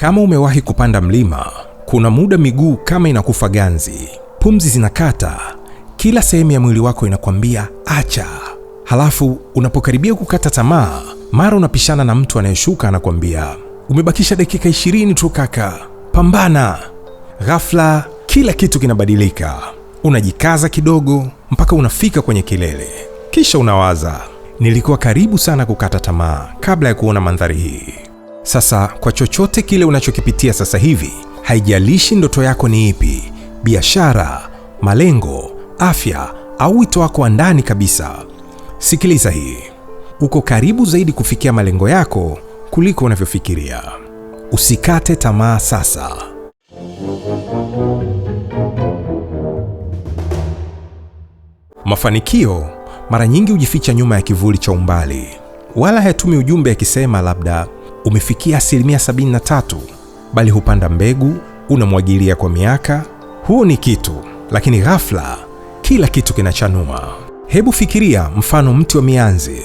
Kama umewahi kupanda mlima, kuna muda miguu kama inakufa ganzi, pumzi zinakata, kila sehemu ya mwili wako inakwambia acha. Halafu unapokaribia kukata tamaa, mara unapishana na mtu anayeshuka, anakwambia umebakisha dakika ishirini tu kaka, pambana. Ghafla kila kitu kinabadilika, unajikaza kidogo mpaka unafika kwenye kilele, kisha unawaza, nilikuwa karibu sana kukata tamaa kabla ya kuona mandhari hii. Sasa kwa chochote kile unachokipitia sasa hivi, haijalishi ndoto yako ni ipi, biashara, malengo, afya au wito wako wa ndani kabisa, sikiliza hii: uko karibu zaidi kufikia malengo yako kuliko unavyofikiria. Usikate tamaa sasa. Mafanikio mara nyingi hujificha nyuma ya kivuli cha umbali, wala hayatumi ujumbe akisema labda umefikia asilimia 73, bali hupanda mbegu, unamwagilia kwa miaka. Huu ni kitu, lakini ghafla kila kitu kinachanua. Hebu fikiria mfano mti wa mianzi.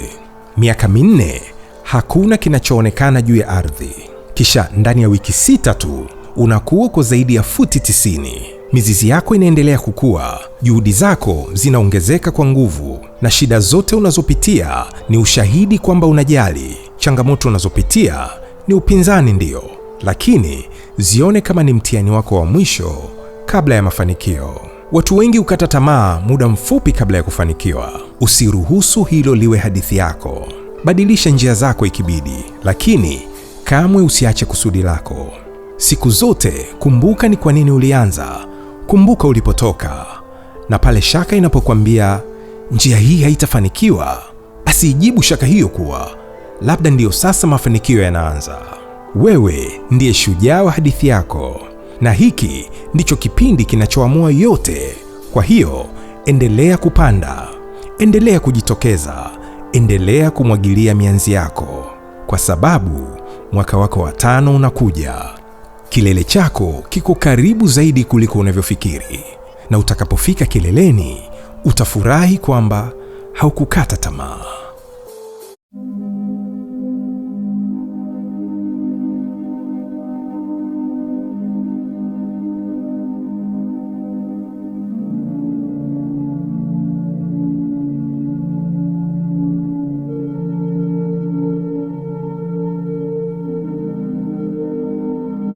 Miaka minne hakuna kinachoonekana juu ya ardhi, kisha ndani ya wiki sita tu unakuwa kwa zaidi ya futi 90. Mizizi yako inaendelea kukua, juhudi zako zinaongezeka kwa nguvu, na shida zote unazopitia ni ushahidi kwamba unajali changamoto unazopitia ni upinzani ndio lakini zione kama ni mtihani wako wa mwisho kabla ya mafanikio. Watu wengi hukata tamaa muda mfupi kabla ya kufanikiwa. Usiruhusu hilo liwe hadithi yako. Badilisha njia zako ikibidi, lakini kamwe usiache kusudi lako. Siku zote kumbuka ni kwa nini ulianza, kumbuka ulipotoka. Na pale shaka inapokwambia njia hii haitafanikiwa, asiijibu shaka hiyo kuwa labda ndiyo sasa mafanikio yanaanza. Wewe ndiye shujaa wa hadithi yako, na hiki ndicho kipindi kinachoamua yote. Kwa hiyo endelea kupanda, endelea kujitokeza, endelea kumwagilia mianzi yako, kwa sababu mwaka wako wa tano unakuja. Kilele chako kiko karibu zaidi kuliko unavyofikiri, na utakapofika kileleni utafurahi kwamba haukukata tamaa.